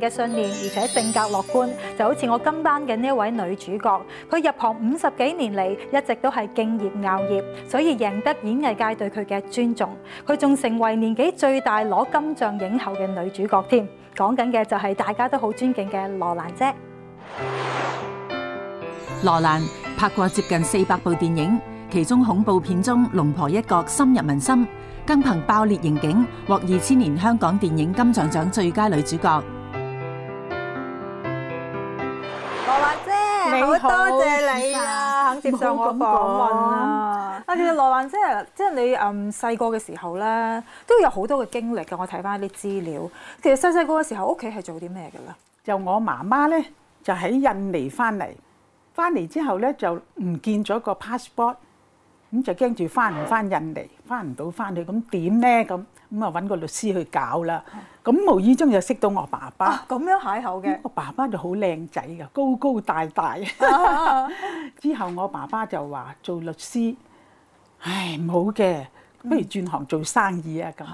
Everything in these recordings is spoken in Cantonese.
嘅信念，而且性格樂觀，就好似我今班嘅呢一位女主角。佢入行五十幾年嚟，一直都係敬業熬業，所以贏得演藝界對佢嘅尊重。佢仲成為年紀最大攞金像影后嘅女主角添。講緊嘅就係大家都好尊敬嘅羅蘭姐。羅蘭拍過接近四百部電影，其中恐怖片中龍婆一角深入民心，更憑《爆裂刑警》獲二千年香港電影金像獎最佳女主角。好多謝，謝你啊！肯接受我訪問啦了。啊，其實羅蘭姐啊， 即係你嗯細個嘅時候咧，都有好多嘅經歷嘅。我睇翻啲資料，其實細細個嘅時候，屋企係做啲咩嘅咧？就我媽媽咧，就喺印尼翻嚟，翻嚟之後咧就唔見咗個 passport。咁就驚住翻唔翻印尼，翻唔到翻去，咁點咧？咁咁啊，揾個律師去搞啦。咁是的 無意中又識到我爸爸。咁、啊、樣邂逅嘅。我爸爸就好靚仔嘅，高高大大。 之後我爸爸就話做律師，唉唔好嘅，不如轉行做生意啊咁。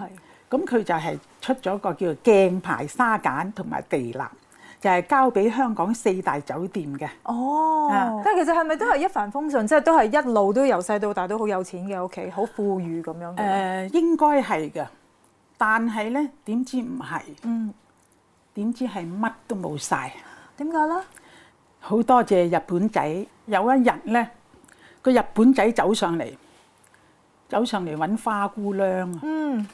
咁佢是的 就係出咗個叫做鏡牌沙簡同埋地蠟。就係交俾香港四大酒店嘅。哦，但係其實係咪都係一帆風順，即係都係一路都由細到大都好有錢嘅屋企，好富裕咁樣。誒，應該係嘅，但係咧點知唔係。嗯。點知係乜都冇晒。點解咧？好多謝日本仔，有一日咧，個日本仔走上嚟，走上嚟揾花姑娘啊。嗯。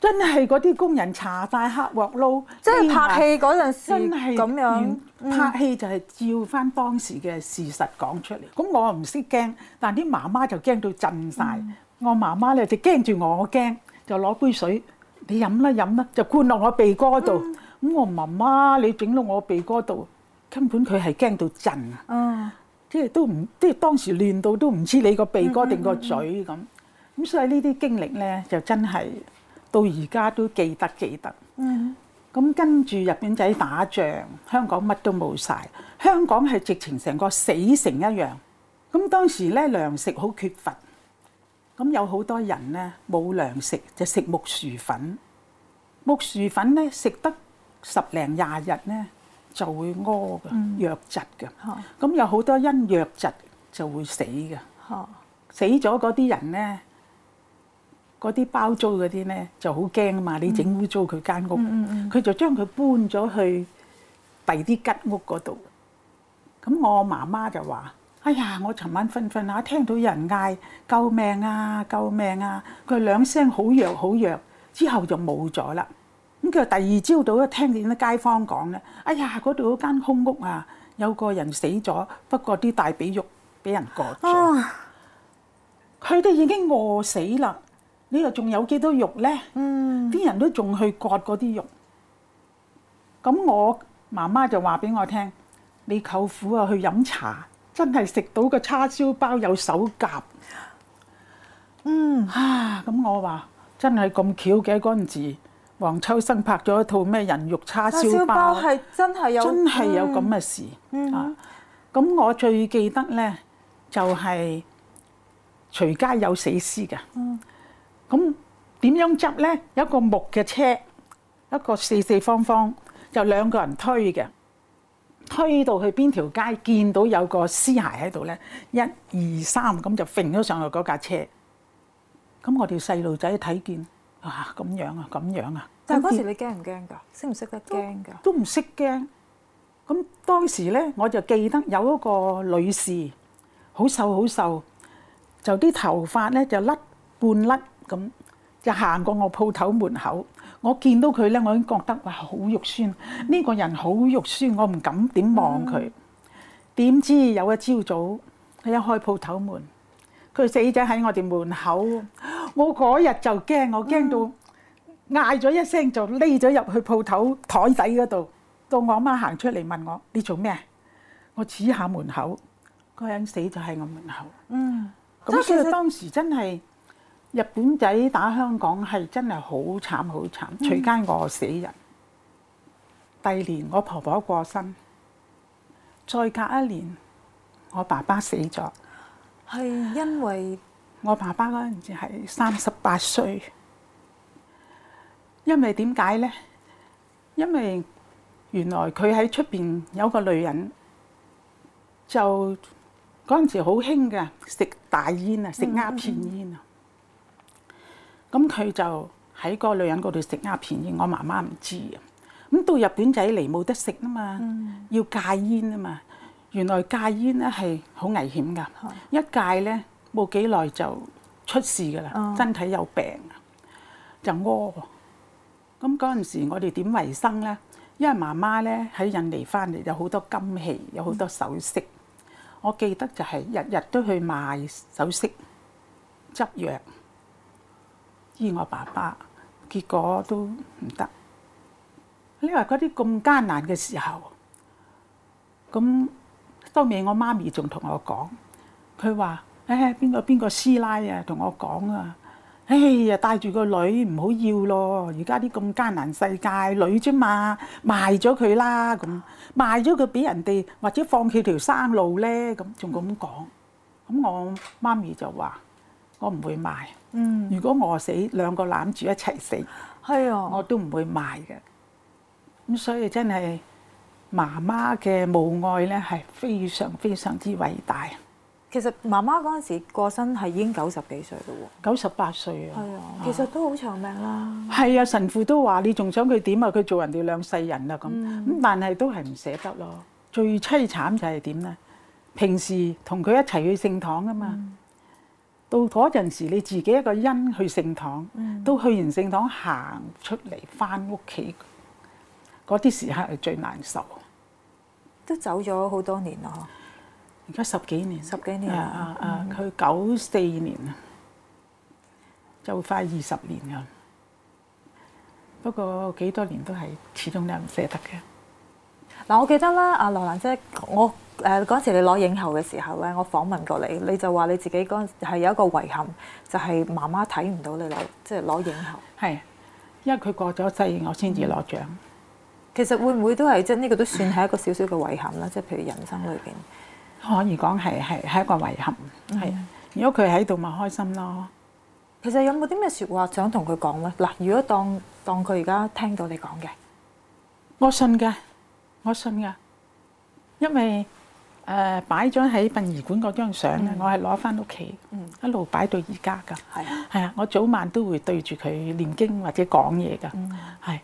真係嗰啲工人查晒黑鑊撈，即係拍戲嗰陣時，真係咁樣拍戲就係照翻當時嘅事實講出嚟。咁我又唔識驚，但啲媽媽就驚到震晒。我媽媽咧就驚住我驚，就攞杯水，你飲啦飲啦，就灌落我鼻哥度。咁我媽媽，你整到我鼻哥度，根本佢係驚到震啊！即係都唔即係當時亂到都唔知你個鼻哥定個嘴咁。咁所以呢啲經歷咧就真係。到而家都記得記得，咁、嗯、哼跟住日本仔打仗，香港乜都冇晒。香港係直情成個死城一樣。咁當時咧糧食好缺乏，咁有好多人咧冇糧食就食木薯粉，木薯粉咧食得十零廿日咧就會屙嘅，痢疾嘅。咁、嗯、有好多因痢疾就會死嘅，嗯嗯、死咗嗰啲人咧。嗰啲包租嗰啲咧就好驚啊嘛！嗯、你整污糟佢間屋，佢、嗯嗯、就將佢搬咗去第啲吉屋嗰度。咁我媽媽就話：，哎呀，我尋晚瞓瞓下，聽到有人嗌救命啊，救命啊！佢兩聲好弱好弱，之後就冇咗啦。咁佢第二朝早一聽見啲街坊講咧：，哎呀，嗰度嗰間空屋啊，有個人死咗，不過啲大髀肉俾人割咗，佢哋、哦、已經餓死啦。呢度仲有幾多肉呢？啲、嗯、人都仲去割嗰啲肉。咁我媽媽就話俾我聽：，你舅父啊去飲茶，真係食到個叉燒包有手夾。嗯啊，咁我話真係咁巧嘅。嗰陣時，黃秋生拍咗一套咩人肉叉燒包，係真係有真係有咁嘅事、嗯、啊！咁我最記得呢，就係隨街有死屍嘅。嗯咁點樣執咧？有一個木嘅車，一個四四方方，就兩個人推嘅。推到去邊條街，見到有個屍骸喺度咧，一二三咁就揈咗上去嗰架車。咁我哋細路仔睇見啊，咁樣啊，咁樣啊。但係嗰時你驚唔驚㗎？識唔識得驚㗎？都唔識驚。咁當時咧，我就記得有一個女士，好瘦好瘦，就啲頭髮咧就甩半甩。咁，就行過我鋪頭門口，我見到佢咧，我已經覺得哇好肉酸，嗯、呢個人好肉酸，我唔敢點望佢。嗯、點知有一朝早，佢一開鋪頭門，佢死咗喺我哋門口。我嗰日就驚，我驚到嗌咗一聲，就匿咗入去鋪頭台底嗰度。到我阿媽行出嚟問我：你做咩？我指下門口，個人死咗喺我門口。嗯，即係其實當時真係。日本仔打香港係真係好慘好慘，隨、嗯、街餓死人。第二年我婆婆過身，再隔一年我爸爸死咗。係因為我爸爸嗰陣時係三十八歲，因為點解咧？因為原來佢喺出邊有個女人，就嗰陣時好興嘅食大煙啊，食鴉片煙啊。嗯嗯。咁佢就喺個女人嗰度食鴉片煙，我媽媽唔知啊。咁到日本仔嚟冇得食啊嘛，嗯、要戒煙啊嘛。原來戒煙咧係好危險噶，嗯、一戒咧冇幾耐就出事噶啦，嗯、身體有病，就屙。咁嗰陣時我哋點維生咧？因為媽媽咧喺印尼翻嚟有好多金器，有好多首飾。嗯、我記得就係日日都去賣首飾、執藥。醫我爸爸，結果都唔得。你話嗰啲咁艱難嘅時候，咁收尾我媽咪仲同我講，佢話：誒邊個邊個師奶啊，同我講啊，哎呀帶住個女唔好要咯，而家啲咁艱難世界，女啫嘛，賣咗佢啦，咁賣咗佢俾人哋，或者放棄條生路咧，咁仲咁講。咁我媽咪就話。我唔會賣。如果餓死兩個攬住一齊死，我都唔會賣嘅。咁所以真係媽媽嘅母愛咧係非常非常之偉大。其實媽媽嗰陣時過身係已經九十幾歲咯喎，九十八歲啊。係啊，其實都好長命啦。係啊，神父都話你仲想佢點啊？佢做人哋兩世人啊咁。咁但係都係唔捨得咯。最淒慘就係點咧？平時同佢一齊去聖堂啊嘛。到嗰陣時，你自己一個因去聖堂，都去完聖堂行出嚟翻屋企，嗰啲時刻係最難受。都走咗好多年啦，而家十幾年，十幾年啊啊、嗯、啊！佢九四年啊，就快二十年啦。不過幾多年都係始終都係唔捨得嘅。嗱，我記得啦，阿羅蘭姐，我。誒，嗰陣時你攞影后嘅時候咧，我訪問過你，你就話你自己嗰陣時係有一個遺憾，就係媽媽睇唔到你攞，即係攞影后。係，因為佢過咗世，我先至攞獎。其實會唔會都係即係呢個都算係一個少少嘅遺憾啦，即係譬如人生裏邊，可以講係係係一個遺憾。係，如果佢喺度咪開心咯。其實有冇啲咩説話想同佢講咧？嗱，如果當當佢而家聽到你講嘅，我信嘅，我信嘅，因為。誒擺咗喺殯儀館嗰張相咧，我係攞翻屋企，一路擺到而家噶。係啊，我早晚都會對住佢念經或者講嘢噶。係，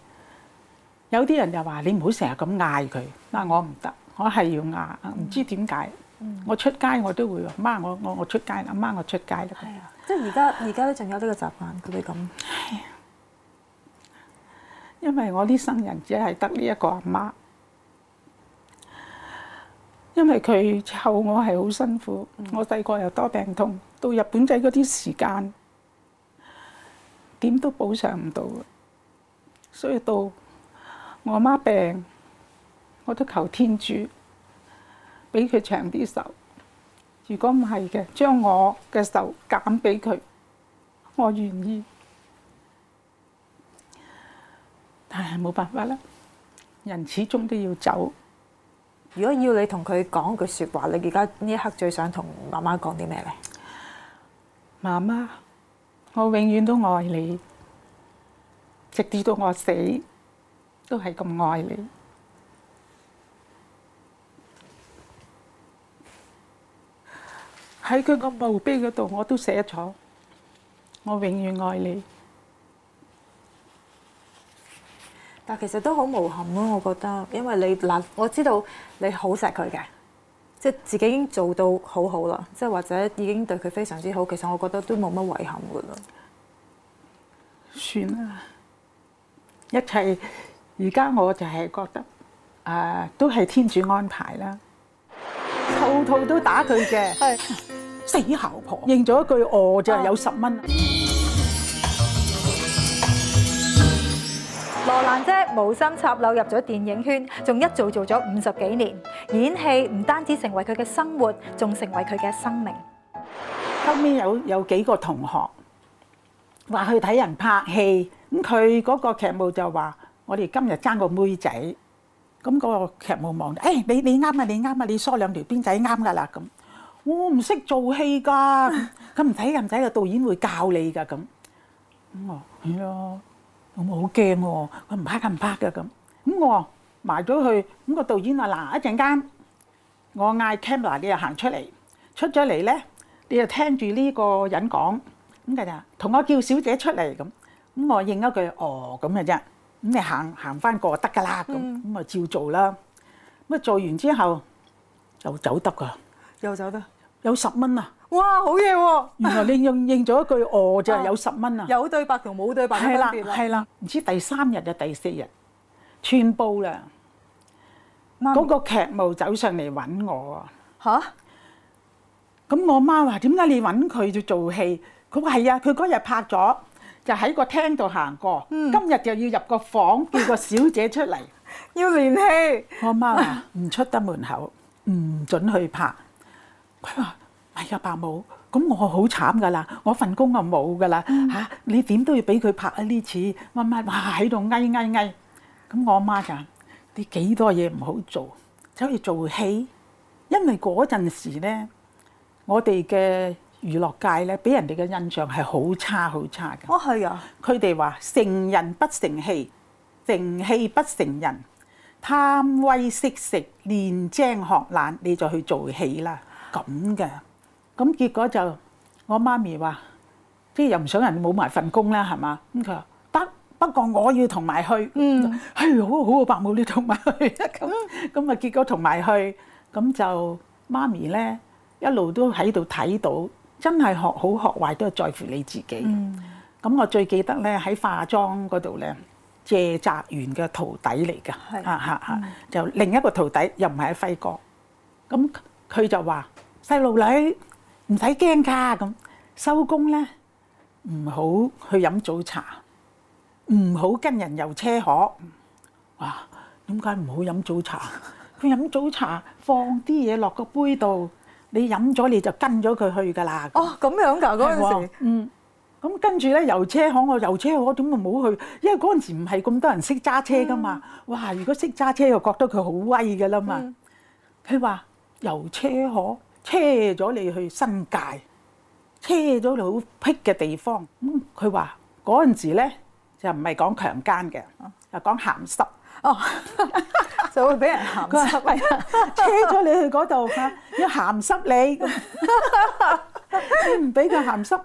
有啲人就話你唔好成日咁嗌佢，但係我唔得，我係要嗌。唔知點解，我出街我都會話媽，我我我出街，阿媽我出街啦。係啊，即係而家而家都仲有呢個習慣，佢哋咁。係啊，因為我呢生人只係得呢一個阿媽。因為佢湊我係好辛苦，嗯、我細個又多病痛，到日本仔嗰啲時間點都補償唔到，所以到我媽病，我都求天主俾佢長啲壽。如果唔係嘅，將我嘅壽減俾佢，我願意。但係冇辦法啦，人始終都要走。如果要你同佢講句說話，你而家呢一刻最想同媽媽講啲咩咧？媽媽，我永遠都愛你，直至到我死都係咁愛你。喺佢個墓碑嗰度，我都寫咗，我永遠愛你。但其實都好無憾咯，我覺得，因為你嗱，我知道你好錫佢嘅，即係自己已經做到好好啦，即係或者已經對佢非常之好，其實我覺得都冇乜遺憾嘅咯。算啦，一切而家我就係覺得，誒、啊，都係天主安排啦。套套都打佢嘅係，死姣婆，認咗一句哦就係、係、有十蚊。哦。羅蘭姐無心插柳入咗電影圈，仲一做做咗五十幾年，演戲唔單止成為佢嘅生活，仲成為佢嘅生命。後面有有幾個同學話去睇人拍戲，咁佢嗰個劇務就話：我哋今日爭個妹仔，咁嗰個劇務望，誒，你你啱啊，你啱啊，你梳兩條辮仔啱噶啦。咁我唔識做戲噶，咁唔使噶唔使噶，導演會教你噶咁。咁啊，係咯。我好驚喎，佢唔怕，佢唔怕嘅咁。咁我埋咗佢，咁個導演話：嗱，一陣間我嗌 camera，你就行出嚟，出咗嚟咧，你就聽住呢個人講，咁佢就同我叫小姐出嚟咁。咁我應一句哦咁嘅啫。咁你行行翻過得㗎啦，咁咁咪照做啦。咁啊做完之後又走得㗎，又走得有十蚊啊！哇，好嘢喎！原來你用應咗一句，我就有十蚊啊！有對白同冇對白嘅分別啦。係啦，係啦，唔知第三日定第四日穿煲啦。嗰個劇務走上嚟揾我啊！嚇！咁我媽話：點解你揾佢做做戲？佢話係啊，佢嗰日拍咗，就喺個廳度行過。今日就要入個房，叫個小姐出嚟要連戲。我媽話唔出得門口，唔準去拍。佢話。哎呀，伯母咁我好慘噶啦，我份工就冇噶啦嚇！你點都要俾佢拍啊，呢次乜乜哇喺度嗌嗌嗌！咁我阿媽就你幾多嘢唔好做，走去做戲，因為嗰陣時咧，我哋嘅娛樂界咧，俾人哋嘅印象係好差好差嘅。哦，係啊！佢哋話成人不成器，成器不成人，貪威識食，練精學懶，你就去做戲啦。咁嘅。咁結果就我媽咪話，即係又唔想人冇埋份工啦，係嘛？咁佢話得，不過我要同埋去。嗯，係好好啊，伯母你同埋去。咁咁啊，結果同埋去，咁就媽咪咧一路都喺度睇到，真係學好學壞都係在乎你自己。咁、嗯嗯、我最記得咧喺化妝嗰度咧，謝澤源嘅徒弟嚟㗎，啊嚇嚇，嗯、 就另一個徒弟又唔係喺輝哥。咁佢就話細路女。弟弟弟唔使驚噶咁，收工咧唔好去飲早茶，唔好跟人遊車河。哇！點解唔好飲早茶？佢飲 早茶放啲嘢落個杯度，你飲咗你就跟咗佢去噶啦。哦，咁樣噶嗰陣時，嗯，咁跟住咧遊車河，我遊車河點會冇去，因為嗰陣時唔係咁多人識揸車噶嘛。嗯、哇！如果識揸車就覺得佢好威噶啦嘛。佢話遊車河。車咗你去新界，車咗你好僻嘅地方。佢話嗰陣時咧就唔係講強姦嘅，又講鹹濕 哦，就係、會俾人鹹濕。 車咗你去嗰度，要鹹濕你，你唔俾佢鹹濕，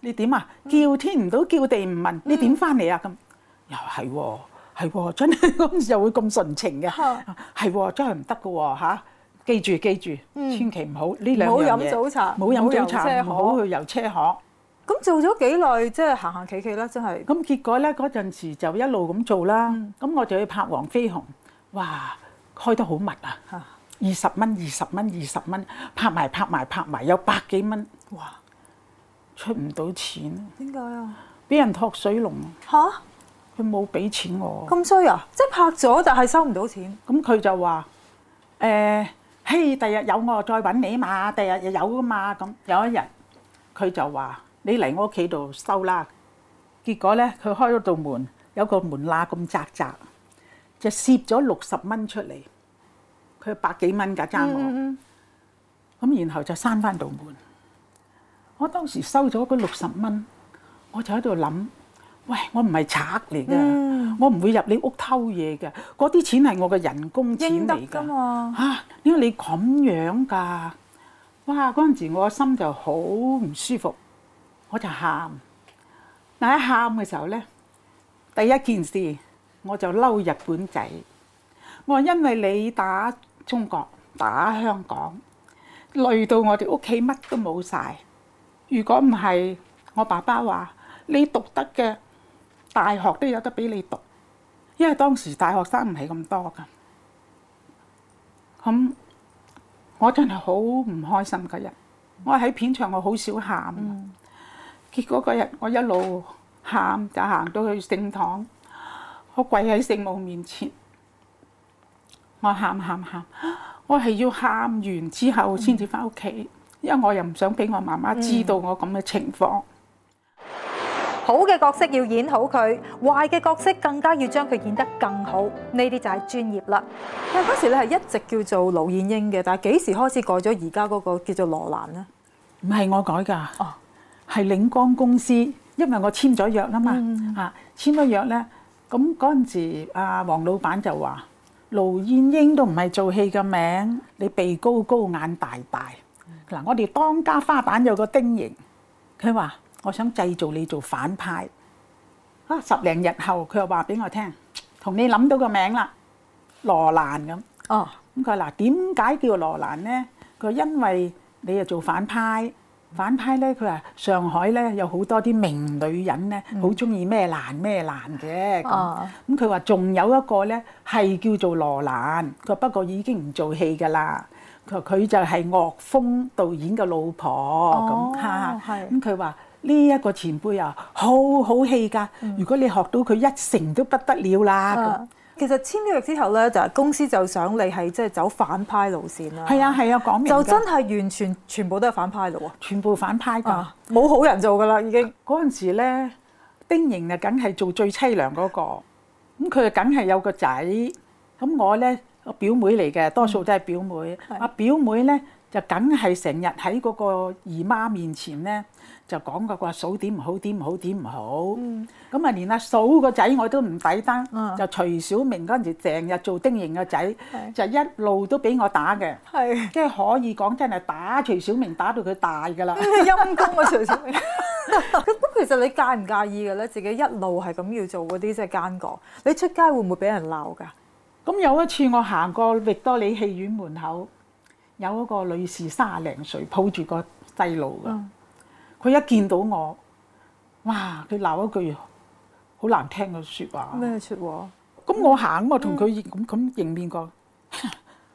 你點啊？叫天唔到，叫地唔聞，你點翻嚟啊？咁又係喎、哦，係喎、哦，真係嗰陣時又會咁純情嘅，係喎好、 嗯嗯，真係唔得嘅喎，嚇。記住記住，千祈唔好呢兩樣嘢。冇飲早茶，冇飲早茶，唔好遊車河。咁做咗幾耐，即係行行企企啦，真係。咁結果咧，嗰陣時就一路咁做啦。咁我就去拍黃飛鴻，哇，開得好密啊！二十蚊、二十蚊、二十蚊，拍埋拍埋拍埋，有百幾蚊，哇，出唔到錢。點解啊？俾人托水龍啊！嚇！佢冇俾錢我。咁衰啊！即係拍咗就係收唔到錢。咁佢就話：誒。嘿，第日，日有我再揾你啊嘛！第日又有噶嘛咁。有一日，佢就話：你嚟我屋企度收啦。結果咧，佢開咗道門，有個門罅咁窄窄，就攝咗六十蚊出嚟。佢百幾蚊噶爭我。咁、嗯嗯嗯、然後就閂翻道門。我當時收咗嗰六十蚊，我就喺度諗。喂，我唔係賊嚟嘅，我唔會入你屋偷嘢嘅。嗰啲錢係我嘅人工錢嚟㗎。應得㗎嘛嚇，點解你咁樣㗎？哇！嗰陣時我心就好唔舒服，我就喊。嗱，一喊嘅時候咧，第一件事我就嬲日本仔。我話因為你打中國、打香港，累到我哋屋企乜都冇晒。如果唔係，我爸爸話你讀得嘅。大學都有得俾你讀，因為當時大學生唔係咁多噶。咁我真係好唔開心嗰、嗯、日，我喺片場，我好少喊，結果嗰日我一路喊，就行到去聖堂，我跪喺聖母面前，我喊喊喊，我係要喊完之後先至翻屋企。嗯、因為我又唔想俾我媽媽知道我咁嘅情況。嗯好嘅角色要演好佢，壞嘅角色更加要將佢演得更好。呢啲就係專業啦。但嗰時你係一直叫做盧燕英嘅，但幾時開始改咗而家嗰個叫做羅蘭呢？唔係我改㗎，哦，係領光公司，因為我簽咗約啦嘛，啊，簽咗約呢，咁嗰陣時阿黃老闆就話：盧燕英都唔係做戲嘅名，你鼻高高眼大大。嗱，我哋當家花旦有個丁瑩，佢話。我想製造你做反派，啊，十零日後佢又話俾我聽，同你諗到個名啦，羅蘭咁。哦，咁佢話嗱，點解叫羅蘭呢？佢因為你又做反派，反派咧，佢話上海咧有好多啲名女人咧，好中意咩蘭咩蘭嘅。哦，咁佢話仲有一個咧係叫做羅蘭，佢不過已經唔做戲㗎啦。佢，佢就係岳峰導演嘅老婆咁嚇。咁佢話。嘿是呢一個前輩啊，好好戲㗎！如果你學到佢一成都不得了啦。其實簽呢約之後咧，就公司就想你係即係走反派路線啦。係啊係啊，講明就真係完全全部都係反派路喎，全部反派㗎，冇好人做㗎啦已經。嗰陣時咧，丁瑩啊，梗係做最淒涼嗰個。咁佢就，梗係有個仔。咁我咧，我表妹嚟嘅，多數都係表妹。我表妹咧。就梗係成日喺嗰個姨媽面前咧，就講個阿嫂點唔好，點唔好，點唔好。咁啊，連阿嫂個仔我都唔抵得。就徐小明嗰陣時，成日做丁瑩個仔，就一路都俾我打嘅。即係可以講真係打徐小明，打到佢大㗎喇。陰功啊，徐小明！咁其實你介唔介意嘅咧？自己一路係咁要做嗰啲即係奸角，你出街會唔會俾人鬧㗎？咁有一次我行過域多里戲院門口。有嗰個女士三廿零歲，抱住個細路噶。佢一見到我，哇！佢鬧一句好難聽嘅説話。咩説話？咁我行啊，同佢咁咁迎面過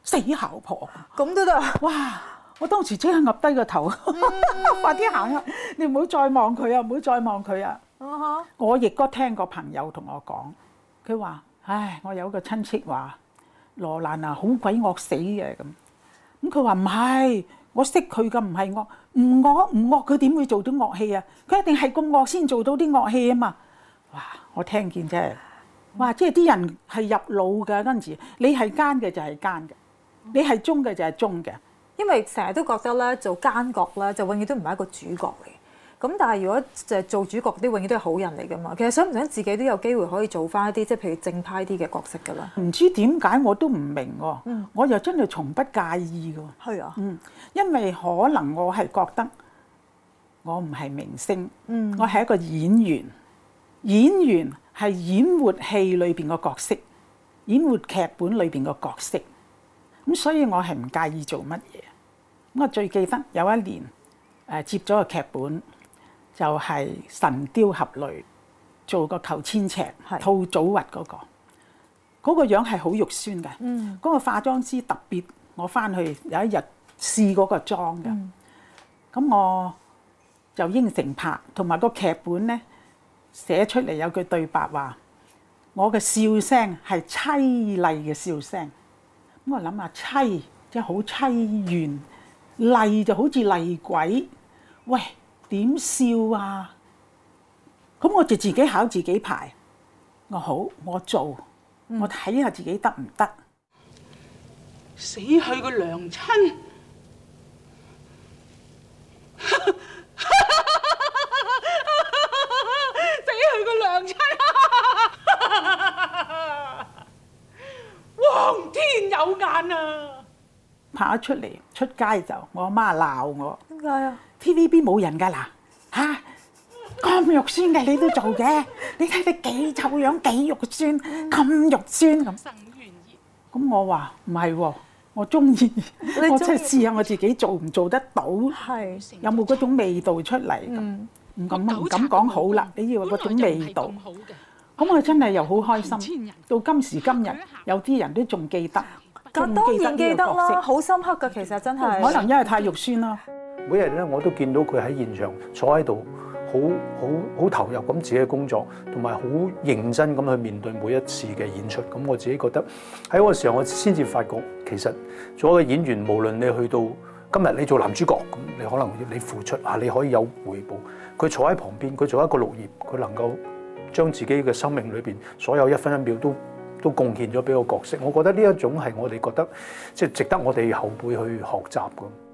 死姣婆。咁都得哇！我當時即刻岌低個頭，嗯、 快啲行啦！你唔好再望佢啊！唔好再望佢啊！Uh huh. 我亦都聽過朋友同我講，佢話，唉，我有個親戚話羅蘭啊，好鬼惡死嘅咁。咁佢話唔係，我識佢噶唔係惡，唔惡唔惡佢點會做到惡氣啊？佢一定係咁惡先做到啲惡氣啊嘛！哇，我聽見啫，哇，即係啲人係入腦噶嗰陣時，你係奸嘅就係奸嘅，你係忠嘅就係忠嘅，因為成日都覺得咧做奸角咧就永遠都唔係一個主角嚟。咁但係如果就係做主角啲，永遠都係好人嚟㗎嘛？其實想唔想自己都有機會可以做返一啲即係譬如正派啲嘅角色㗎啦？唔知點解我都唔明喎、啊。嗯、我又真係從不介意㗎。係啊。嗯。因為可能我係覺得我唔係明星。嗯。我係一個演員。演員係演活戲裏便個角色，演活劇本裏便個角色。咁所以我係唔介意做乜嘢。咁我最記得有一年，誒、啊、接咗個劇本。就係神雕俠侶做個裘千尺是套祖核嗰、那個，嗰、那個樣係好肉酸嘅。嗰、嗯、個化妝師特別，我返去有一日試嗰個妝嘅。咁、嗯、我就應承拍，同埋個劇本呢寫出嚟有句對白話：我嘅笑聲係淒厲嘅笑聲。咁我諗下淒即係好淒怨，厲、就是、就好似厲鬼。喂！點笑啊！咁我就自己考自己牌，我好我做，我睇下自己得唔得？嗯、死去個娘親， 死去個的娘親，皇 天有眼啊！拍咗出嚟，出街就我阿媽鬧我，點解啊？TVB 冇人噶，嗱嚇，咁肉酸嘅，你都做嘅，你睇你幾醜樣，幾肉酸咁肉酸咁。咁我話唔係喎，我中意，我真係試下我自己做唔做得到，有冇嗰種味道出嚟咁？唔敢唔敢講好啦，你要嗰種味道。咁我真係又好開心，到今時今日有啲人都仲記得，當然記得啦，好深刻㗎其實，真係。可能因為太肉酸囉。每日咧，我都見到佢喺現場坐喺度，好好投入咁自己嘅工作，同埋好認真咁去面對每一次嘅演出。咁我自己覺得喺嗰個時候，我先至發覺其實做一個演員，無論你去到今日你做男主角，咁你可能要你付出嚇，你可以有回報。佢坐喺旁邊，佢做一個綠葉，佢能夠將自己嘅生命裏邊所有一分一秒都都貢獻咗俾個角色。我覺得呢一種係我哋覺得即值得我哋後輩去學習。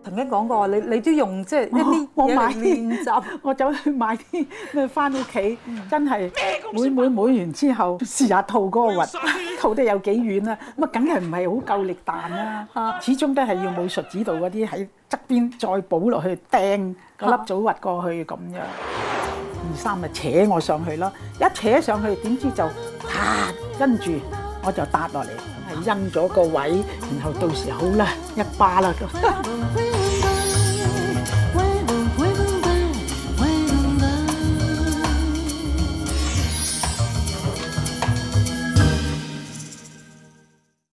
曾經講過，你你都用即係一啲我買練習，我走去買啲咩翻屋企，真係每每買完之後試下套嗰個核，套得有幾遠呀？咁啊，梗係唔係好夠力彈啦？始終都係要武術指導嗰啲喺側邊再補落去掟個粒組核過去咁樣。二三咪扯我上去咯，一扯上去點知就啊，跟住我就跌落嚟。扔咗個位，然後到時候好啦，一巴啦咁。